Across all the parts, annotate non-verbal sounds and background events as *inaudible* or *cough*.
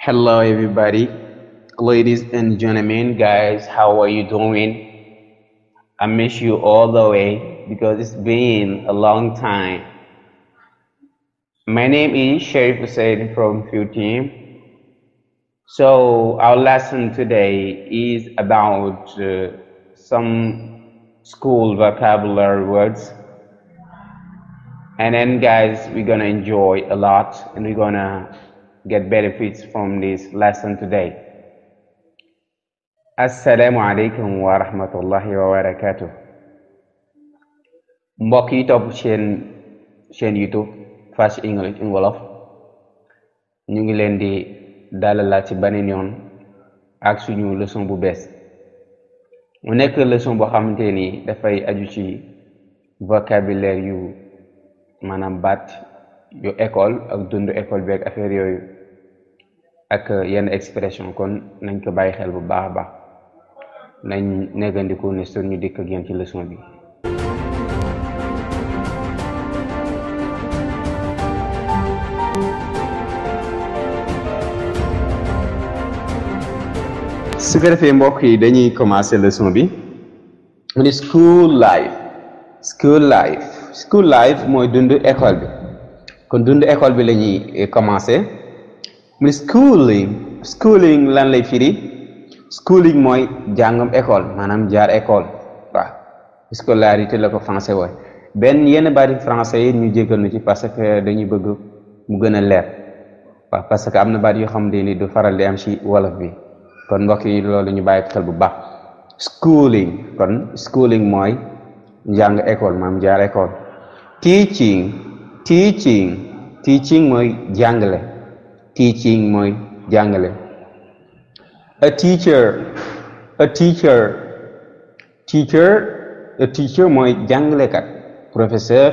Hello, everybody. Ladies and gentlemen, guys, how are you doing? I miss you all the way because it's been a long time. My name is Sharif Hussein from Field Team. So, our lesson today is about uh, some school vocabulary words. And then, guys, we're gonna enjoy a lot and we're gonna get benefits from this lesson today. Assalamu alaikum wa rahmatullahi mbokk yi topp seen seen YouTube Fast English in Wolof ñu ngi leen di dalalaat ci beneen yoon ak suñu leçon bu bees mu nekk leçon boo xamante ni dafay aju ci vocabulaire yu maanaam baat yu école ak dundu école beeg affaire yooyu ak yenn expression kon nañ ko bàyyi xel bu baax a baax nañ négandiku ne ni ñu dikk ak yéen ci leçon bi su ko defee mbokk yi dañuy commencé leçon bi mu ni school life school life school life mooy dund école bi kon dund école bi lañuy ñuy commencé mu ne schooling schooling lan lay firi schooling mooy jàngam école maanaam jaar école waaw scolarité la ko français wooy benn yenn baati français yi ñu jéggal ci parce que dañuy bëgg mu gën a leer waaw parce que am na baat yoo xam ne du faral di am ci wolof bi kon mbokk yi loolu ñu bàyyi xel bu baax schooling kon schooling mooy jàng école maam jaar école teaching teaching teaching mooy jàngale teaching mooy jàngale a teacher a teacher teacher a teacher mooy jàngalekat professeur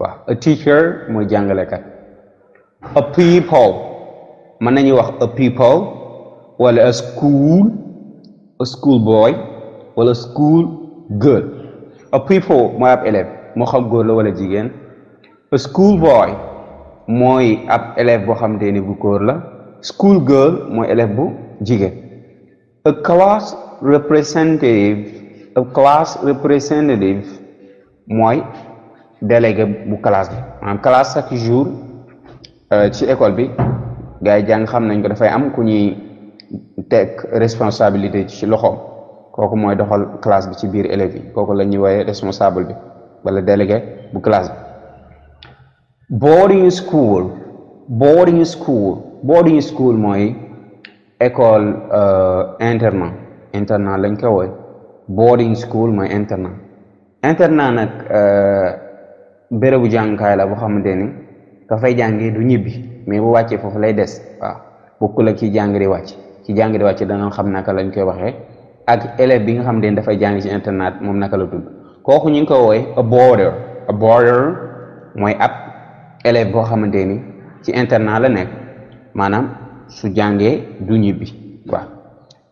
waaw a teacher mooy kat a people mën nañu wax a people wala a school a school boy wala school girl a people mooy ab élève moo xam góor wala jigéen a school boy mooy ab élève boo xamante ni bu góor la school girl mooy élève bu jigéen a class representative a class representative mooy délégué bu classe bi maanaam classe chaque jour euh, ci école bi gars yi jàng xam nañ ko dafay am ku ñuy teg responsabilité ci loxoom kooku mooy doxal classe bi ci biir élèves yi kooku la ñuy woowee responsable bi wala délégué bu classe bi boarding school boarding school boarding school mooy école euh, internat internat lañ ko wooy boarding school mooy internat internat nag euh, bérébu jàngukaay la boo xamante ni ka jàngee du ñibbi mais bu wàccee foofu lay des waaw bokkul ak ci jàng di wàcc ci jàng di wàcc danañ xam naka lañ koy waxee ak élève bi nga xam ne dafay jàng ci internat moom naka la tudd kooku ñu ngi ko a boarder a boarder mooy ab élève boo xamante ni ci internat la nekk maanaam su jàngee du ñibbi waaw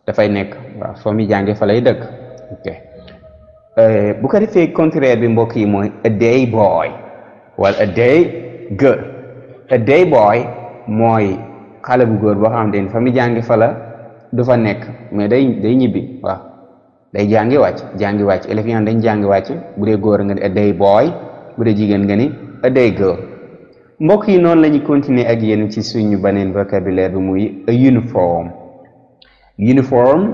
dafay nekk waaw soo muy jàngee fa lay dëkk ok euh, bu ko defee contraire bi mbokk yi mooy a day boy wala a day girl a day boy mooy xale bu góor boo xamante ni jàngee fa la du fa nekk mais day day ñibbi waaw day jàngi wàcc jàngi wàcc élèves yi dañ jàngi wàcc bu dee góor nga ni a day boy bu dee jigéen nga ni a day girl mbokk yi noonu lañu ñu continuer ak yéen ci suñu baneen vocabulaire bi muy uniforme uniforme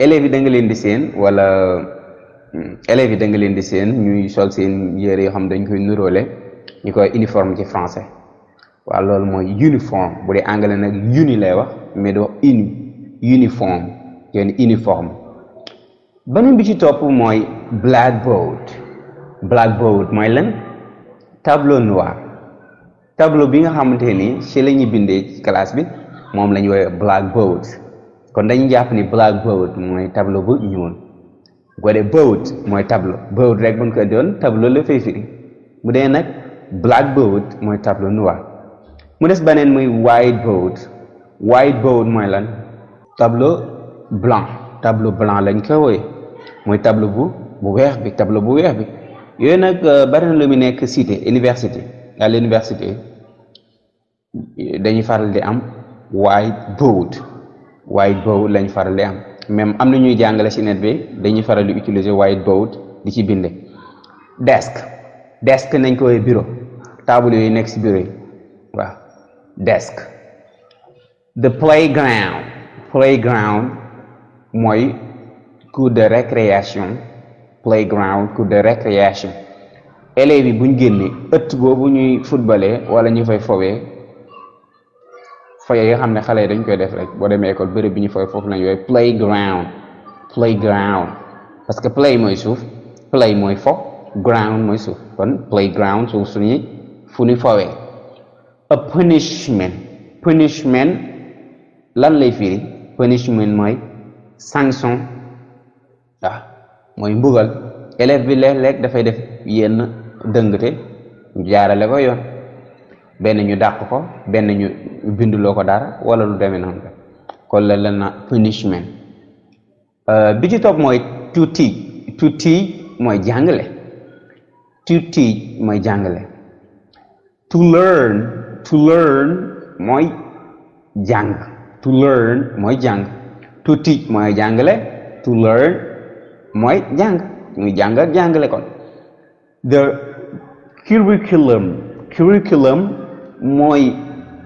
élèves yi danga leen di seen wala hmm, élèves yi da nga leen di seen ñuy sol seen yére yoo xam dañ koy nuroole ñu koy uniforme ci français waaw loolu mooy uniforme bu dee anglais nag uni lay wax mais doo uni uniforme yéen bi ci topp mooy blackboard blackboard mooy lan tableau noir tableau bi nga xamante ni ci la ñuy bindee ci classe bi moom la ñu woowee blackboard kon dañu jàpp ni blackboard mooy tableau bu ñuul bu ko mooy tableau board rek buñ ko doon tableau la fay firi mu dee nag blackboard mooy tableau noir mu des beneen muy whiteboard whiteboard mooy lan tableau blanc tableau blanc lañ ko wooye mooy tableau bu bu weex bi tableau bu weex bi yooyu nag euh, bari na lu mu nekk cité université à l'université dañuy faral di am white board white board lañ faral di am même am na ñuy jàngale si net bi dañuy faral di utiliser white board di ci binde desk desk nañ koy woowee bureau table yooyu nekk si bureau yi waaw desk the playground playground mooy cours de récréation playground cours de récréation élèves yi génnee ëtt boobu ñuy footballé wala ñu fay fowee foye yi xam ne xale yi dañ koy def rek boo demee école bërëb bi ñu foy foofu lañ yooyu playground playground parce que play mooy suuf play mooy fo ground mooy suuf kon playground suuf suñu fu ñu fowee a punishment punishment lan lay firi punishment mooy sanction waaw mooy mbugal élève bi léeg-léeg dafay def yenn dëngte jaarale ko yoon benn ñu dàq ko benn ñu binduloo ko dara wala lu demee noonu la kon la la na punishment euh, bi ci topp mooy to teach mooy jàngale to teach mooy jàngale to learn mooy jàng to learn mooy jàng to teach mooy jàngale to learn mooy jàng muy jàngale kon the curriculum mooy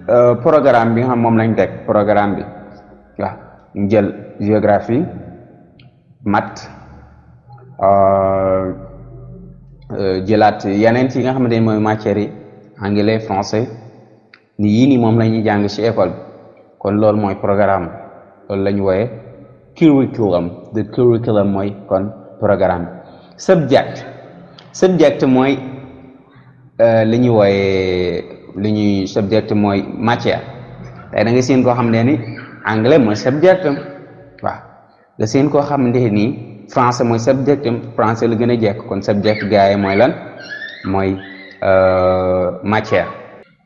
euh, programme bi nga xam moom lañ teg programme bi waaw ñu jël géographie euh, euh, jëlaat yeneen yi nga xamante ni mooy matières yi anglais français ni yii moom la ñuy jàng ci kon loolu mooy programme loolu la ñu wooyee curriculum the curriculum mooy kon programme subject subject mooy li ñuy wooyee li ñuy subject mooy matière tey da nga seen koo xam ne ni anglais mooy subject am waaw nga seen koo xam ne ni français mooy subject am français la gën a jekk kon subject gaaye mooy lan mooy euh, matière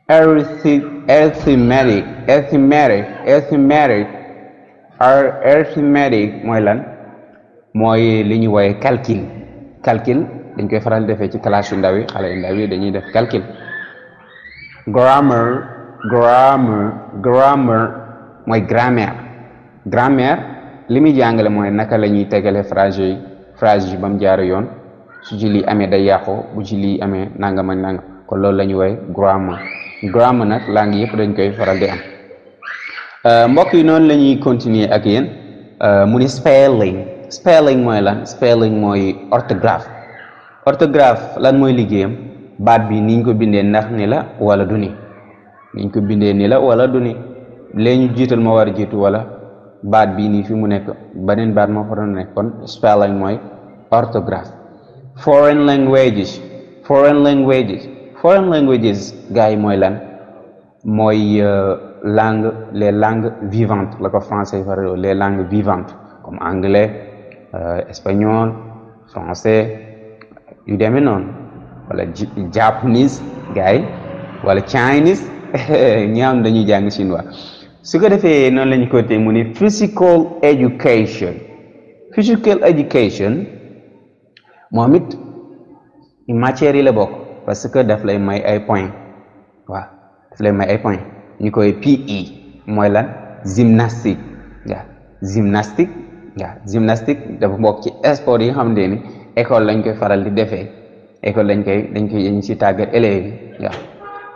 arithmetic arithmetic arithmetic arithmetic mooy lan mooy li ñu wooye calcul calcul dañ koy faral defee ci classe yu ndaw yi xale yi ndaw dañuy def calcul grammar grammar mooy grammaire grammaire li muy jàngale mooy naka la ñuy tegale phrase yi phrase yi ba mu jaar yoon su ci lii amee day yàqoo bu ci lii amee nangam ak nangam kon loolu la ñuy woowee grammar grammar nag langue yëpp dañ koy faral di am euh, mbokk yi noonu lañuy ñuy continuer ak yéen euh, mu ni spelling spelling mooy lan spelling mooy orthographe orthographe lan mooy liggéeyam baat bi niñ ko bindee ndax ni la wala du niñ ko bindee ni la wala du ni jiital moo war a jiitu wala baat bii nii fi mu nekk beneen baat moo fa doon nekk kon spelling mooy orthographe foreign languages foreign languages foreign languages gars yi mooy lan mooy euh, langue les langues vivantes la ko français far les langues vivantes comme anglais euh, espagnol français yu demee noonu wala japanese gars yi wala chinese *laughs* ñi am dañuy jàng chinois su ko defee noonu la ñu ko tey mu ni physical education physical education moom it matière yi la bokk parce que daf lay may ay point waaw daf lay may ay point ñu koy PE mooy lan gymnastique waaw gymnastique waaw gymnastique dafa mbokk ci sport yi nga xam ne ni école lañ koy faral di defee école dañ koy dañ koy dañ si tàggat élèves yi waaw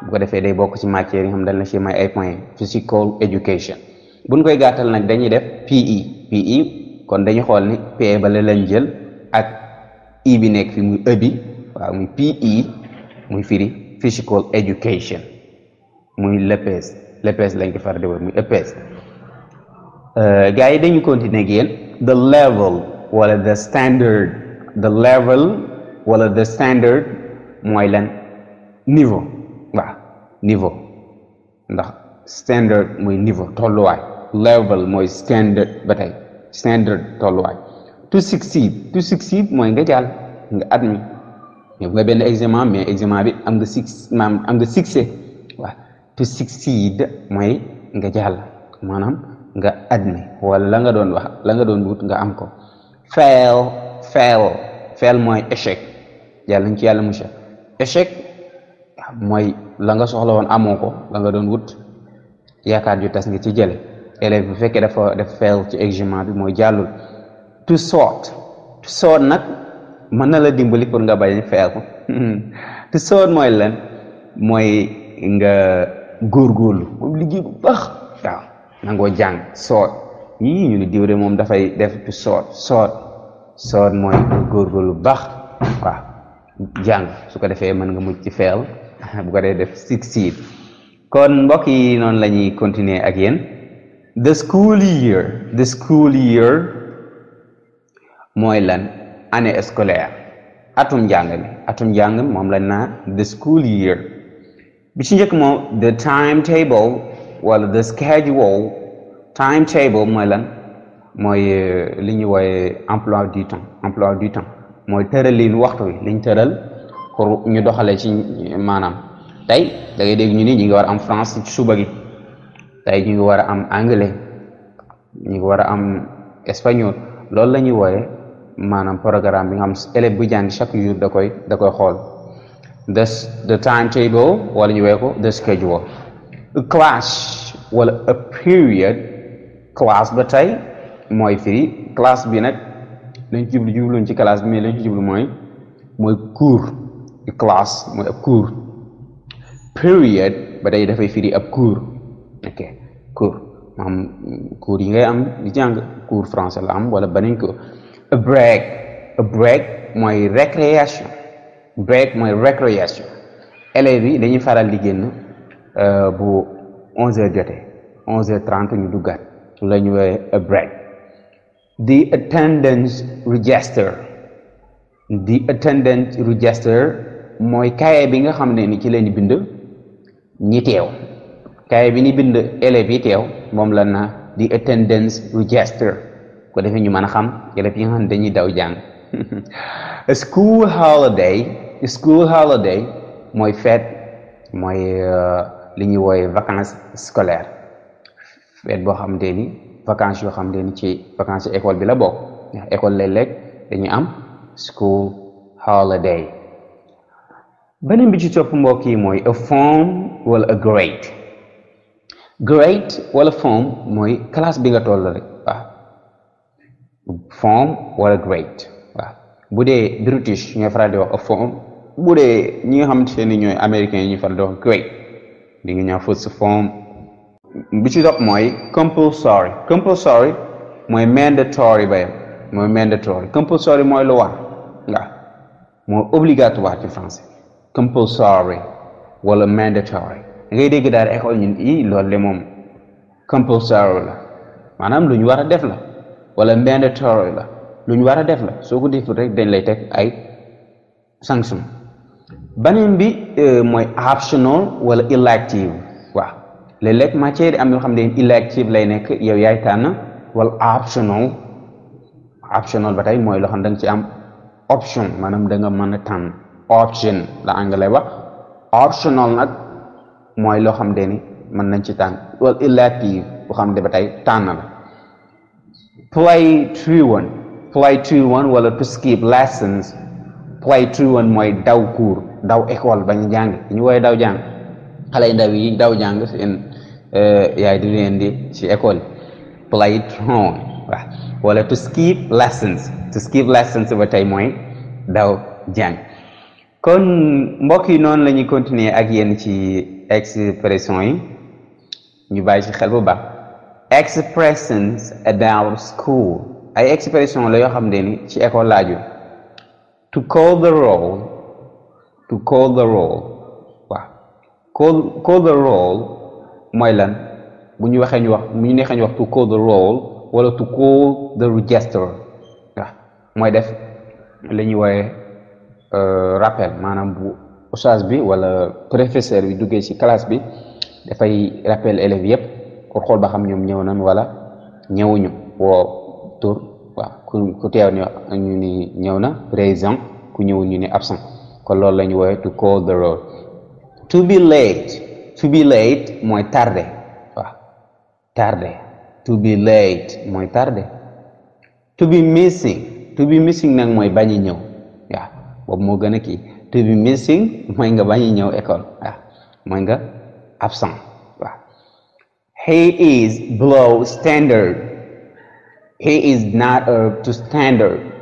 bu ko defee day bokk ci matière yi nga xam dañ la si may ay points physical education buñ koy gàttal nag dañuy def PE PE kon dañu xool ni PE bale la lañ jël ak I bi nekk fi muy E bi muy PE muy firi physical education muy LEPES LEPES lañ ko far di muy EPES euh, gars yi dañu continuer ak yéen the level wala the standard the level wala the standard mooy lan niveau waaw niveau ndax standard mooy niveau tolluwaay level mooy standard ba tey standard tolluwaay to succeed to succeed mooy nga jàll nga admis nga benn examen mais examen bi am nga six am nga succès waaw to succeed mooy nga jàll maanaam nga admis wala la nga doon wax la nga doon wut nga am ko fail fail mooy échec yàlla nañ ci yàlla mucc échec mooy la nga soxla woon amoo ko la nga doon wut yaakaar ju tas nga ci jële élève bu fekkee dafa def fail ci examen bi mooy jàllul to sort to sort nag mën na la dimbali pour nga bañ fail *laughs* to sort mooy lan mooy nga góorgóorlu moom liggéey bu baax waaw nangoo jàng sort yii ñu ni diw moom dafay def to sort sort sort mooy góorgóorlu baax jàng su ko defee mën nga mucc ci feel *laughs* bu ko dee def succeed kon mbokk yi noonu la ñuy continuer ak yéen the school year the school year mooy lan année scolaire atum njàng mi atum njàng mi moom lañ naa the school year bi ci njëkk moom the timetable wala the schedule timetable mooy lan mooy eh, li ñuy wooye emploi du temps emploi du temps mooy tëral liin waxtu wi liñ tëral pour ñu doxalee ci maanaam tey da ngay dégg ñu ni ñu ngi war am France ci suba gi tey ñu ngi war a am anglais ñu ngi war a am espagnol loolu la ñuy wooye maanaam programme bi nga xam élève bu jàng chaque jour da koy da koy xool the the timetable wala ñu wooye ko the schedule a class wala a period class ba tey mooy firi class bi nag lañ ci jublu jubluñ ci classe bi mais lañ mooy mooy cours classe mooy ab cours ba tey dafay firi ab cours ok cours maanaam cours yi ngay am di jàng cours français la am wala beneen ko a break mooy récréation break mooy récréation élèves yi dañuy faral di génn euh, bu 11 heures jotee 11 heures 30 ñu duggaat la ñu woowee a break the attendance register the attendance register mooy kaye bi nga xam ne ni ci lañ bind ñi teew kaye bi ni bind élèves yi teew moom la na di attendance register ko defee ñu mën a xam élèves yi nga xam ne dañuy daw jàng *laughs* school holiday school holiday mooy fête mooy euh, li ñuy wooye vacances scolaires fête boo xam te ni vacances yoo xam ne ci vacances yi école bi la bokk école léeg-léeg dañuy am school holiday beneen bi ci topp mbokk yi mooy a form wala a grade grade wala form mooy classe bi nga toll rek waaw form wala grade waaw bu dee british ñooy faral di wax a form bu dee ñi nga xamante ne ñooy américain yi ñuy faral di wax grade di nga ñëw bi ci topp mooy compulsory compulsory mooy mandatory ba yem mooy mandatory compulsory mooy lu war nga mooy obligatoire ci français compulsory wala mandatory da ngay dégg daal école ñun lool li de moom compulsory la maanaam lu ñu war a def la wala mandatory la lu ñu war a def la soo ko deful rek dañ lay teg ay sanction beneen bi euh, mooy optional wala elective léeg-léeg matière am yoo xam ne elective lay nekk yow yaay tànn wala optional optional ba tey mooy loo xam da nga ci am option maanaam da nga mën a tànn option la anglais wax optional nag mooy loo xam ne ni mën nañ ci tànn wala elective xam ne ba tey tànn la play through one play through wala to skip lessons play through one mooy daw cours daw école bañ jàng ñu wooye daw jàng xale yi ndaw yi daw jàng seen Eh, yaay di leen di ci école play tron waaw wala to skip lessons to skip lessons ba tey mooy daw jàng kon mbokk yi noonu la ñuy continuer ak yéen ci expression yi ñu bàyyi ci xel ba baax expressions school ay expression la yoo xam ni ci école laaju to call the roll to call the roll mooy lan bu ñu waxee ñu wax mu ñu neexee ñu wax to call the roll wala to call the register waaw mooy def li ñuy wooyee euh, rappel maanaam bu ustaas bi wala professeur bi duggee ci classe bi dafay rappel élèves yépp pour xool ba xam ñoom ñëw nañ wala ñëwuñu woo tur waaw ku ku teew ñu ñëw na présent ku ñëwuñu ni absent kon loolu la ñu wooyee to call the roll to be late to be late mooy tardé waaw tardé to be late mooy tarde to be missing to nag mooy bañ a ñëw waaw boobu moo gën a kii to be missing mooy nga bañ a ñëw école waaw mooy nga absent waaw he is below standard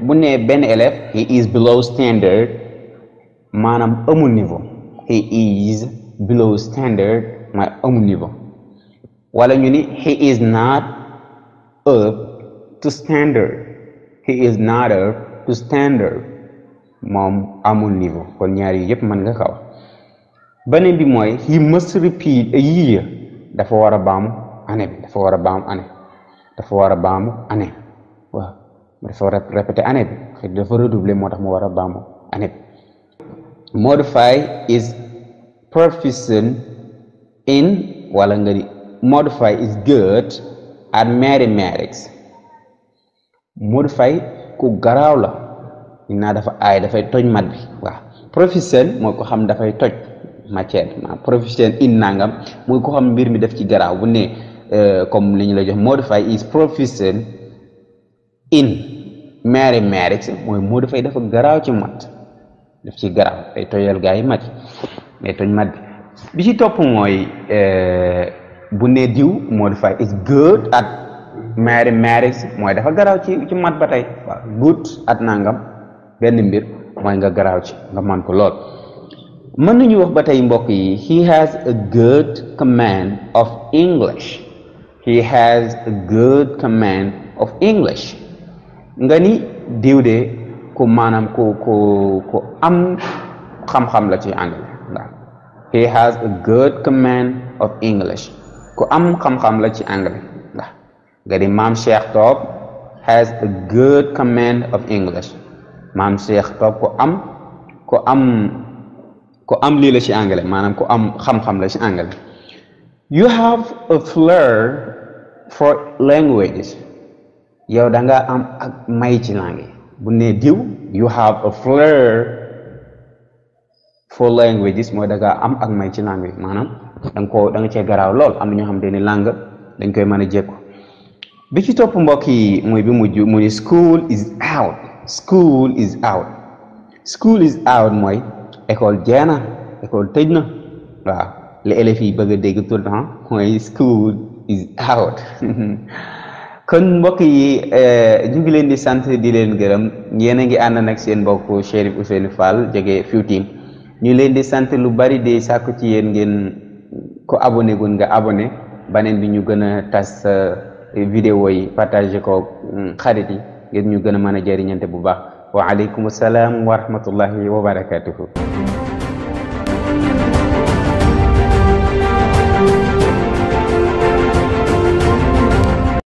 bu ne benn élève he is below standard maanaam amul he is below standard mooy amul niveau wala ñu ni he is not up to standard he is not up to standard moom amul niveau kon ñaar yi yëpp mën nga kaw beneen bi mooy he must repeat a year dafa war a baamu année bi dafa war baamu année dafa war a baamu année waaw dafa war a répété année bi dafa redoubler moo tax mu war a baamu année modify proficient in wala nga di modify is good at mathematics modify ku garaaw la naa dafa aay dafay toj mat bi waaw proficient mooy ko xam dafay toj matière ma proficient in nangam mooy ko xam mbir mi def ci garaaw bu ne euh, comme li ñu la jox modify is proficient in mathematics mooy modify dafa garaaw ci mat daf ci garaaw day tojal gaa yi mat mais tooñ màdd bi ci topp mooy eh, bu ne diw modify is good at mari marriage mooy dafa garaaw ci mat ba tey waaw good at nangam benn mbir mooy nga garaaw ci nga man ko lool mën nañu wax ba tey mbokk yi he has a good command of English he nga ni diw de ku maanaam ku ku am xam-xam la ci anglais he has a good command of English ku am xam-xam la ci anglais ndax nga di maam Cheikh Top has a good command of English maam Cheikh Top ku am ku am ku am lii la ci anglais maanaam ku am xam-xam la ci anglais you have a flair for languages yow da am ak may ci langue bu ne diw you have a flair for languages mooy da nga am ak may ci langue bi maanaam da nga da nga cee garaaw lool am na ñoo xam te ni langue dañ koy mën a jékku bi ci topp mbokk yi mooy bi mujj mu ni school is out school is out mooy école jee na école tëj na waaw li yi bëgg a dégg tout mooy school is out *laughs* kon mbokk yi eh, ñu ngi leen di sant di leen gërëm yéen a ngi ànd nag seen mbokk Chérif Ousseynou jege jóge Full ñu leen di sant lu bari de sàkku ci yéen ngeen ko abonné gun nga abonné baneen bi ñu gën a tas euh, vidéo yi partagé ko mm, xarit yi ngir ñu gën a mën a jëriñante bu baax wa aleykum salaam wa rahmatullahi wa barakatuhu